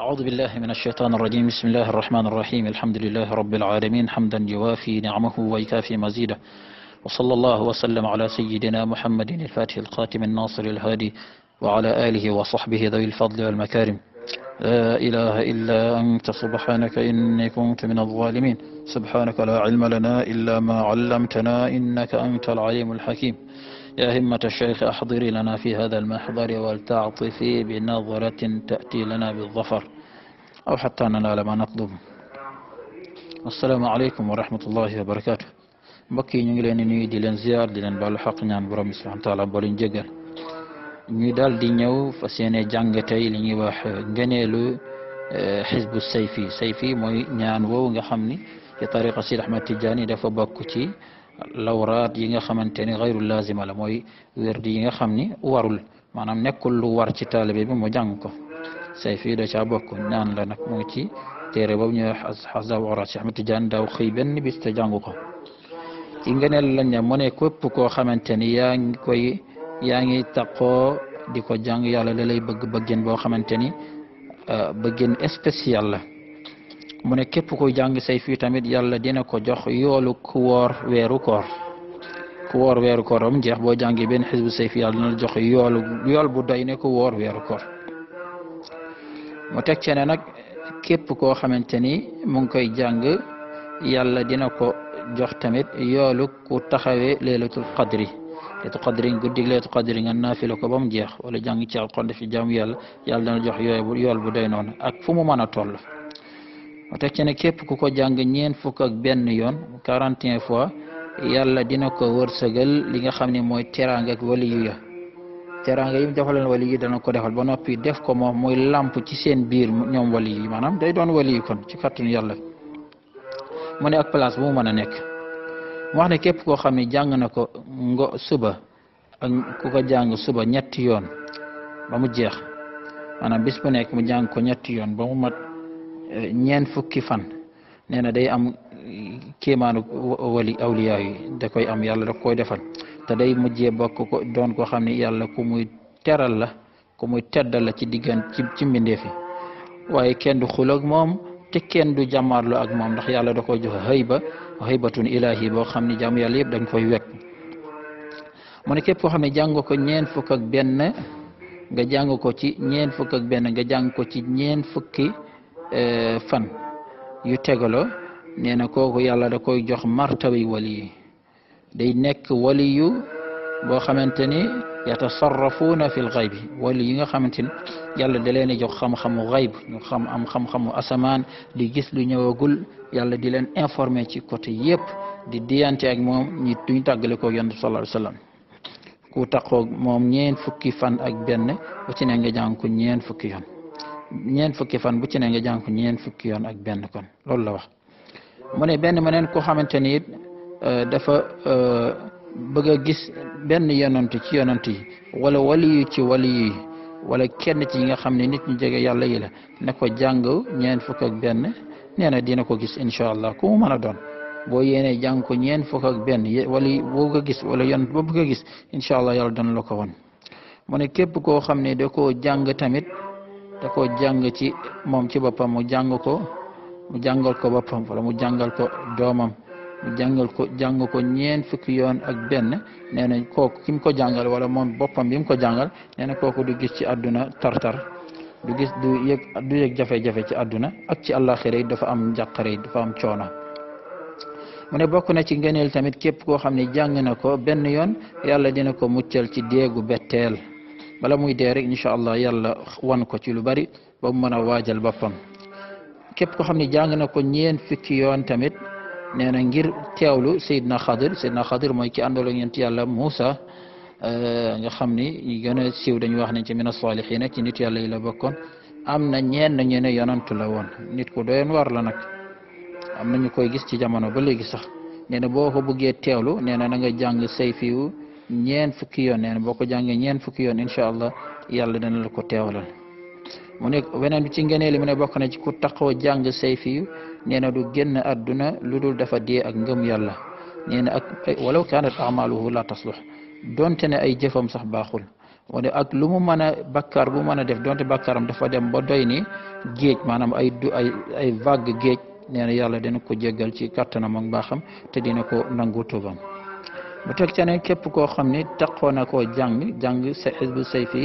أعوذ بالله من الشيطان الرجيم بسم الله الرحمن الرحيم الحمد لله رب العالمين حمدا يوافي نعمه ويكافي مزيده وصلى الله وسلم على سيدنا محمد الفاتح الخاتم الناصر الهادي وعلى آله وصحبه ذوي الفضل والمكارم لا إله إلا أنت سبحانك إني كنت من الظالمين سبحانك لا علم لنا إلا ما علمتنا إنك أنت العليم الحكيم يا همة الشيخ أحضري لنا في هذا المحضر ولتعطفي بنظرة تأتي لنا بالظفر أو حتى ننال ما نطلب السلام عليكم ورحمة الله وبركاته بكي نجلين نيدي لنزيار دلن بالحق نان برمي سبحانه وتعالى بولين جغل ندال دي فسيني جانجتي لنيواح غنيلو آه، حزب السيفي سيفي موي نان وو في طريقة سيد أحمد تجاني دفا بكوتي lawraat yi nga xamante ni xayru lazima la mooy wérdi yi nga xam ni warul maanaam nekkul lu war ci taalibe bi mu jàng ko say fii da caa bokk ñaan la nag mu ci téere boobu ñuy wax xasaabu awraat si Ahmad Tijaan daaw xëy benn bis te jàngu ko ci ngeneel lañ ne mu ne képp koo xamante ni yaa ngi koy yaa ngi taqoo di ko jàng yàlla da lay bëgg bëggeen boo xamante ni euh, bëggeen spécial la mu ne képp kuy jàng say fii tamit yàlla dina ko jox yoolu ku woor weeru koor ku woor weeru koor am jeex boo jàngee benn xisbu say fii dina jox yoolu yool bu doy ne ku woor weeru koor teg ci ne nag képp koo xamante ni mu ngi koy jàng yàlla dina ko jox tamit yoolu ku taxawee leelatul qadri leetu qadri guddig leetu qadri nga naafila ko ba mu jeex wala jàng ci alxonde fi jaamu yàlla yàlla dana jox yooyu yool bu doy noonu ak fu mu mën a toll mu teg ci ne képp ku ko jàng ñeent fukk ak benn yoon 41 fois yàlla dina ko war wërsëgal li nga xam ne mooy teraanga ak wali yu ya teraanga yi mu defaloon wali yi dana ko defal ba noppi def ko moom muy làmp ci seen biir ñoom wali yi maanaam day doon wali yi kon ci kàttanu yàlla mu ne ak place bu mën a nekk mu wax ne képp koo xam ne jàng na ko ngo suba ak ku ko jàng suba ñetti yoon ba mu jeex maanaam bis bu nekk mu jàng ko ñetti yoon ba mu mat ñeen fukki fan nee na day am kéemaanu wali awliya da koy am yàlla da koy defan te day mujjee bokk ko doon koo xam ne yàlla ku muy teral la ku muy teddal la ci diggan ci ci mbindeef yi waaye kenn du ak moom te kenn du jàmmaarlu ak moom ndax yàlla da koy joxe xëyba xëybatun ilaahi boo xam ne jaamu yàlla yëpp dañ koy wekk mu ne képp xam ne jàng ko ñeent fukk ak nga jàng ko ci ñeent fukk ak benn nga jàng ko ci ñeent fukki E, fan yu tegaloo nee na kooku yàlla da koy jox martabi wali day nekk waliyu boo xamante ni yatasarrafuuna fi lxayb wali yi nga xamante ni yàlla da leen jox xam-xamu xayb xam am xam-xamu asamaan di gis lu ñëwagul yàlla di leen informer ci côté yépp di diyante ak moom ñi duñ tàggale koo yonent sallallahu alayhi wasallam ku taqoog moom ñeen fukki fan ak benn ba ci ne nga jàng ko ñeen fukki yoon ñeent fukki fan bu ci ne nga jàng ko ñeent fukki yoon ak benn kon loolu la wax mu benn mu neen koo xamante ni it euh, dafa euh, bëgg a gis benn yonant ci yonant yi wala waliyu ci waliyu yi wala kenn ci yi nga xam ne nit ñu jege yàlla yi la ne ko jàng ñeent fukk ak benn nee na dina ko gis incha allah ku mana doon boo yéenee jàng ko ñeent fukk ak benn wala boo bëgg gis wala yonant bëgg a gis incha allah yàlla dana la ko won mu ne xam ne da koo jàng tamit da koo jàng ci moom ci boppam mu jàng ko mu jàngal ko boppam wala mu jàngal ko doomam mu jàngal ko jàng ko ñeent fukki yoon ak benn nee na kooku ki ko jàngal wala moom boppam bi ko jàngal nee na kooku du gis ci àdduna tartar du gis du yëg du yëg jafe-jafe ci àdduna ak ci àllaaxira yi dafa am njàqare dafa am coono mu ne bokk na ci ngëneel tamit képp koo xam ne jàng na ko benn yoon yàlla dina ko muccal ci déegu beteel bala muy dee rek incha allah yàlla wan ko ci lu bari ba mu mën a waajal boppam képp ko xam ne jàng na ko ñeen fukki yoon tamit nee na ngir teewlu Seydina Xadir Seydina Xadir mooy ki àndaloo ñeent yàlla Muusa euh, nga xam ni ñu gën a siiw dañu wax nañ ci mina saalihiina ci nit yàlla yi la bokkoon am na ñeen na ñu ne yonantu la woon nit ku doyoon war la nag am na ñu koy gis ci jamono ba léegi sax nee na ko bëggee teewlu nee na na nga jàng sayfiwu ñeen fukki yoon nee na boo ko jàngee ñeen fukki yoon incha allah yàlla dana la ko teewalal mu ne weneen bi ci ngenee li mu ne bokk na ci ku taxaw jàng sayfiyu nee na du génn àdduna lu dul dafa dee ak ngëm yàlla nee ak walaw kaanat amaluhu la taslux donte ne ay jëfam sax baaxul wane ak lu mu mën a bakkaar bu mën a def donte bakkaaram dafa dem ba doy ni géej maanaam ay du ay ay vague géej nee yàlla dina ko jéggal ci kattanam ak mbaaxam te dina ko nangu mu teg ca ne képp koo xam ni taqoo na koo jàng jàng sa xisbu sayfi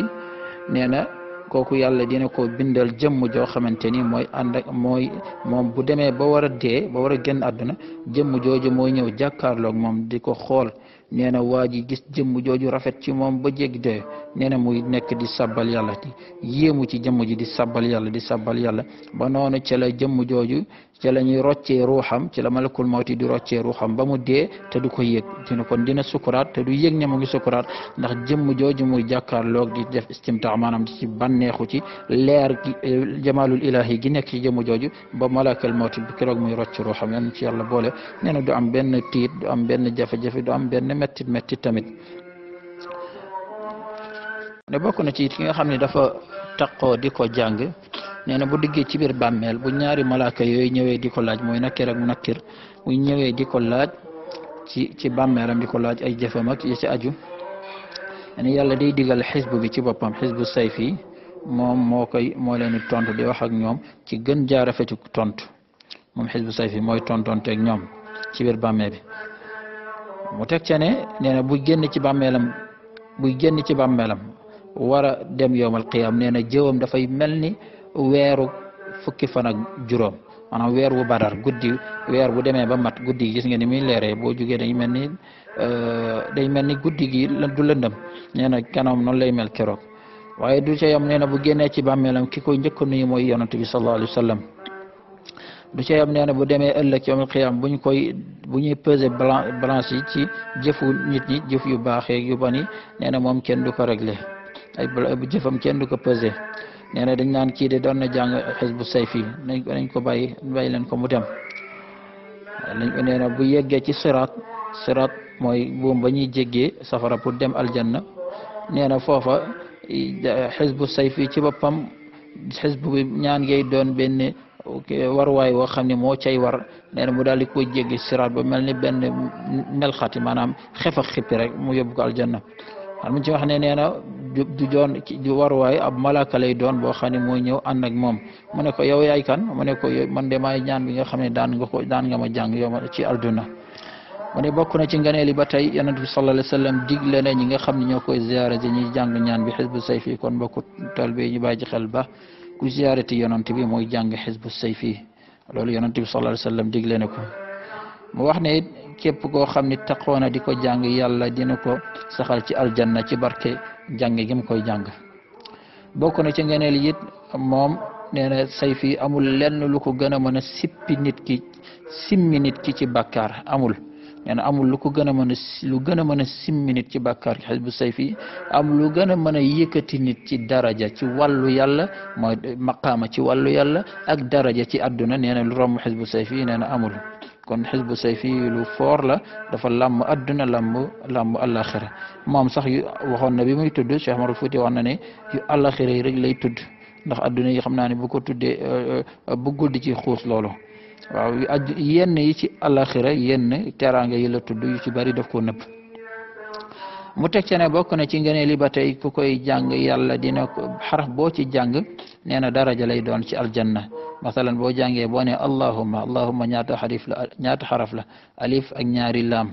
nee na kooku yàlla dina ko bindal jëmm joo xamante ni mooy ànd ak mooy moom bu demee ba war a dee ba war a génn àdduna jëmm jooju mooy ñëw jàkkaarloog moom di ko xool nee na waa ji gis jëmm jooju rafet ci moom ba jég de nee na muy nekk di sabal yàlla di yéemu ci jëmm ji di sabbal yàlla di sabal yàlla ba noonu ca la jëmm jooju ca la ñuy roccee ruuxam ci la malakul mawti di roccee ruuxam ba mu dee te du ko yëg dina kon dina sukuraat te du yëg ne mu ngi sukuraat ndax jëmm jooju muy jàkkaarloog di def istimta maanaam di ci bànneexu ci leer jamaalul ilaahi gi nekk ci jëmm jooju ba malakal mawti bi keroog muy rocc ruuxam yal na ci yàlla boole am benn tiit do am benn jafe-jafe du am benn mettit mettit tamit ne bokk na ci it ki nga xam ne dafa taqoo di ko jàng nee na bu diggee ci biir bàmmeel bu ñaari malaaka yooyu ñëwee di ko laaj mooy nakkir ak munakkir bu ñëwee di ko laaj ci ci bàmmeelam di ko laaj ay jëfam ak ci aju ne yàlla day digal xisbu bi ci boppam xisbu say moom moo koy moo leen tontu di wax ak ñoom ci gën jaarafetu tontu moom xisbu sayfi mooy tontonteeg ñoom bi mu teg ca ne nee bu buy génn ci bàmmeelam buy génn ci bàmmeelam war dem yowmal qiyam nee na jëwam dafay mel ni weeru fukki fan ak juróom maanaam weer wu badar guddi weer bu demee ba mat guddi gis nga ni muy leeree boo jugee dañ mel ni euh, day mel ni guddi gi du lëndëm nee na kanam noonu lay mel keroog waaye du ca yam nee bu génnee ci bàmmeelam ki koy njëkk nuyu mooy yonent bi sallallahu alayhi du ca yam nee bu demee ëllëg ci yawmal qiyaam buñ koy bu ñuy peser balance yi ci jëfu nit ñi jëf yu baaxee yu bani nee na moom kenn du ko réglé bu jëfam kenn du ko peser nee dañ naan kii de doon na jàng xisbu sayfi nañ ko nañ ko bàyyi bàyyi leen ko mu dem nee bu yeggee ci siraat siraat mooy buum ba ñuy jéggee safara pour dem aljanna nee na foofa xisbu sayfi ci boppam xisbu bi ñaan ngay doon benn warwaay woo xam ne moo cay war nee na mu daal di ko jéggi siraat ba mel ni benn melxati maanaam xef ak xippi rek mu yóbbu ko aljanna xam mu ci wax ne nee na du doon du warwaay ab malaaka lay boo xam ne mooy ñëw ànd ak moom mu ne ko yow yaay kan mu ne ko man de maay ñaan bi nga xam ne daan nga ko daan nga ma jàng yow ci alduna mu ne bokk na ci ngëneel yi ba tey yonent bi sallallahu alayhi wa sallam digle nga xam ne ñoo koy ziyaare ji ñuy jàng ñaan bi xisbu sayfi kon mbokku talbe ñu bàyyi ci xel ba ku ziyaarati yonent bi mooy jàng xisbu sayfi loolu yonent bi sallallahu alayhi wa sallam digle ko moo wax ne it képp koo xam ni taqoona di ko jàng yàlla dina ko saxal ci aljanna ci barke jàng gi koy jàng bokk na ci ngeneel it moom nee na sayfi amul lenn lu ko gën a mën a sippi nit ki simmi nit ki ci bàkkaar amul nee amul lu ko gën a mën a lu gën a mën a nit ci bàkkaar xisbu sayfi am lu gën a mën a yëkkati nit ci daraja ci wàllu yàlla mooy maqaama ci wàllu yàlla ak daraja ci àdduna nee na lu romb xisbu sayfi nee na amul kon xisbu sayfi lu foor la dafa làmb adduna lamb làmb àllaaxira moom sax yu waxoon na bi muy tudd Cheikh Omar Fouti na ne yu àllaaxira yi rek lay tudd ndax adduna yi xam naa ne bu ko tuddee euh, euh, bu guddi ci xuus loolu waaw aju yenn yi ci alaxira yenn teraanga yi la tudd yu ci bari dof ko nëbb mu teg ci ne bokk na ci ngene yi ba tey ku koy jàng yàlla dina ko xaraf boo ci jàng nee na daraja lay doon ci aljanna masalan boo jàngee boo ne allahumma allahumma ñaata xarif la ñaata xaraf la alif ak ñaari laam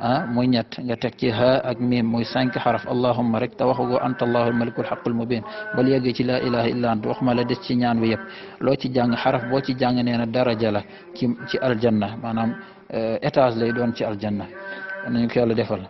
ah muy ñett nga teg ci ha ak miim muy cinq xaraf allahumma rek te waxugo anta allahu almalikul xaqul mubin bal yegg ci laa ilaha illa ant waxuma la ci ñaan wi yëpp loo ci jàng xaraf boo ci jàng na daraja la ci ci aljanna maanaam eh, étage lay doon ci aljanna nañu ko yàlla defal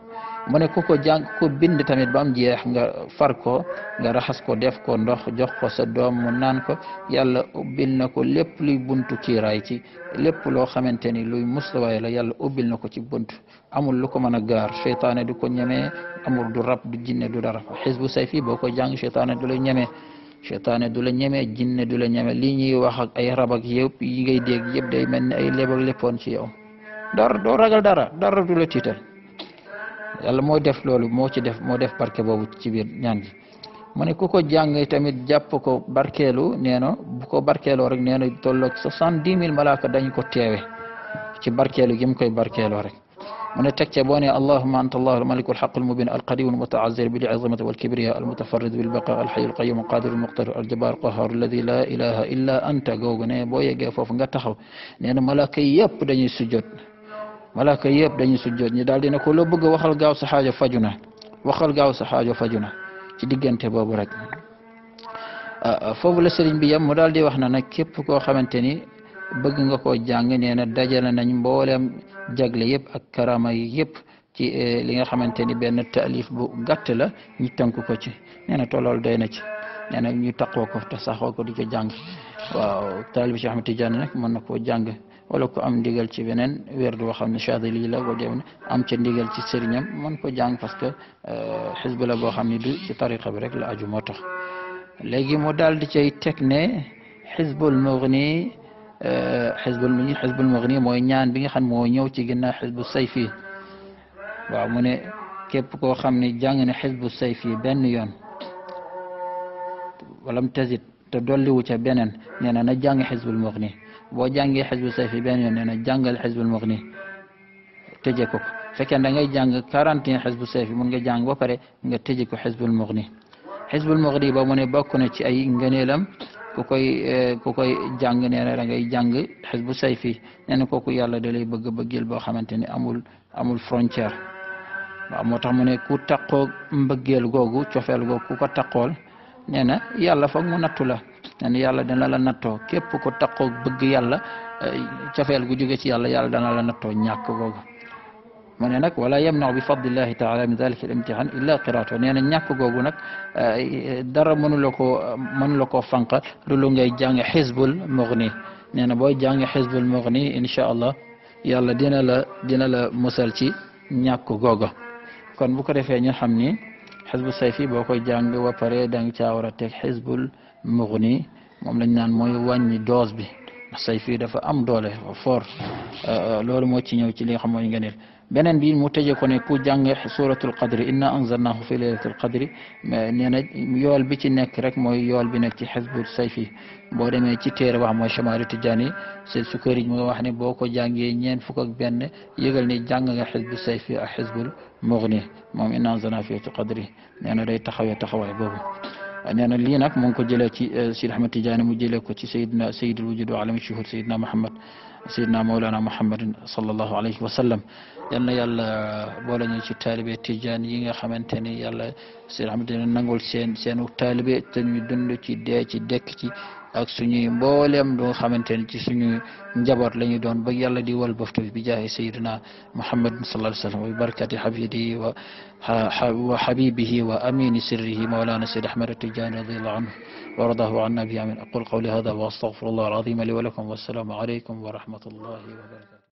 mu ne ku ko jàng ku bind tamit ba jeex nga far ko nga raxas ko def ko ndox jox ko sa doom mu naan ko yàlla ubbil na ko lépp luy buntu kiiraay ci lépp loo xamante ni luy muslawaay la yàlla ubbil na ko ci bunt amul lu ko mën a gaar cheytaane du ko ñemee amul du rab du jinne du dara xisbu sayfi boo ko jàng cheytaane du la ñemee cheytaane du la ñemee jinne du la ñeme lii ñuy wax ak ay rab ak yëpp yi ngay dégg day mel ni ay léeb ak léppoon ci yow dara doo dara dara du la tiital yàlla moo def loolu moo ci def moo def barke boobu ci biir ñaan gi mu ne ku ko jàng tamit jàpp ko barkeelu nee na bu ko barkeeloo rek nee na tolloog soixante dix mille malaaka dañ ko teewe ci barkeelu gi koy barkeeloo rek mu ne teg cee boo ne allahuma anta allahu almaliku alxaqu almubin alqadimu almutaazir bilazamati walkibriya almutafarid bilbaqa alxayu alqayum alqadiru almuqtadir aljabar alqahar alladi la ilaha illa anta googu ne boo yeggee foofu nga taxaw nee na malaaka yëpp dañuy sujjoot malaaka yëpp dañuy sujjoot ñi daal dina ko loo bëgg waxal gaaw sa xaajo faju na waxal gaaw sa xaajo faju na ci diggante boobu rek ah, foofu la sëriñ bi yam mu daal di wax na nag képp koo xamante ni bëgg nga koo jàng nee na dajale nañ mboolem jagle yëpp ak karama yi yëpp ci eh, li nga xamante ni benn taalif bu gàtt la ñu tënk ko ci nee na tolool na ci nee na ñu taqoo ko te saxoo ko di ko jàng waaw taalib Cheikh Ahmed Tidiane nag mën na koo jàng wala ko am ndigal ci beneen wér du xam ne Chadili la wala dem am ca ndigal ci sëriñam mën ko jàng parce que eh, xisbu boo xam ne du ci tariqa bi rek la aju moo tax léegi mu di cay teg ne xisbul mughni آه، حزب المني حزب المغني موينيان بيغا خن موينيو تي غينا حزب السيفي وا موني كيب كو خامني جانغني حزب السيفي بن يون ولم تزيد تا دولي و تا بنن نينا نا جانغ حزب المغني بو جانغي حزب السيفي بن يون نينا جانغال حزب المغني تجيكو فكان دا غاي جانغ 40 حزب السيفي مون غا جانغ با بري غا تجيكو حزب المغني حزب المغني با موني بوكو نتي اي غنيلام ku koy eh, ku koy jàng nee na da ngay jàng xisbu sayfi nee na kooku yàlla da lay bëgg bëggil boo xamante ni amul amul frontière moo tax mu ne ku taqoo mbëggeel googu cofeel googu ku ko taqool nee na yàlla foog mu nattu la nee na yàlla dana la nattoo képp ku taqoo bëgg yàlla eh, cofeel gu jóge ci yàlla yàlla dana la nattoo ñàkk googu منك ولا يمنع بفضل الله تعالى من ذلك الامتحان الا قراءته يعني نياك غوغونك آه، دار منلوكو منلوكو فانك لولو جاي جانغ حزب المغني يعني بو جانغ حزب المغني ان شاء الله يلا دينا لا دينا لا مسال سي نياك غوغا كون بو كرفي ني خامني حزب السيفي بوكو جانغ و باراي دانغ تاورا تك حزب المغني موم لا نان موي واني دوز بي السيفي دا فا ام دوله فور آه، آه، لولو مو تي نيو تي لي خمو بنن بين متجه كوني كو جانغر سورة القدر إنا أنزلناه في ليلة القدر يوال بيتي نك رك موي يوال بي نك تي حزب السيفي بودي مي تي تير واخ موي شمار تجاني سي سكوري مي واخ ني بوكو جانغي نين فوك اك بن ييغل ني جانغ حزب السيفي حزب المغني موم إنا أنزلناه في ليلة القدر نانا داي تخاوي تخاوي بوبو نانا لي نك مونكو جيلي تي سي رحمه تجاني مو جيلي كو تي سيدنا سيد الوجود وعالم الشهور سيدنا محمد سيدنا مولانا محمد صلى الله عليه وسلم يلا يلا بولن يجي طالب تيجان ييغا خامتاني يلا سير عبد الله نانغول سين سينو طالب تني دوندو تي دي تي ديك تي ak suñuy mbollem do xamanteni ci suñu njabot lañu doon ba yàlla di wal baftu bi jaahi sayyidina muhammad sallallahu alaihi wasallam sallam bi wa wa xabibihi wa amini sirrihi mawlana sayyid ahmad atijani radiallahu anhu wa radahu anna bi amin aqul qawli hada wa astaghfirullah alazim li wa lakum wassalaamu alaykum wa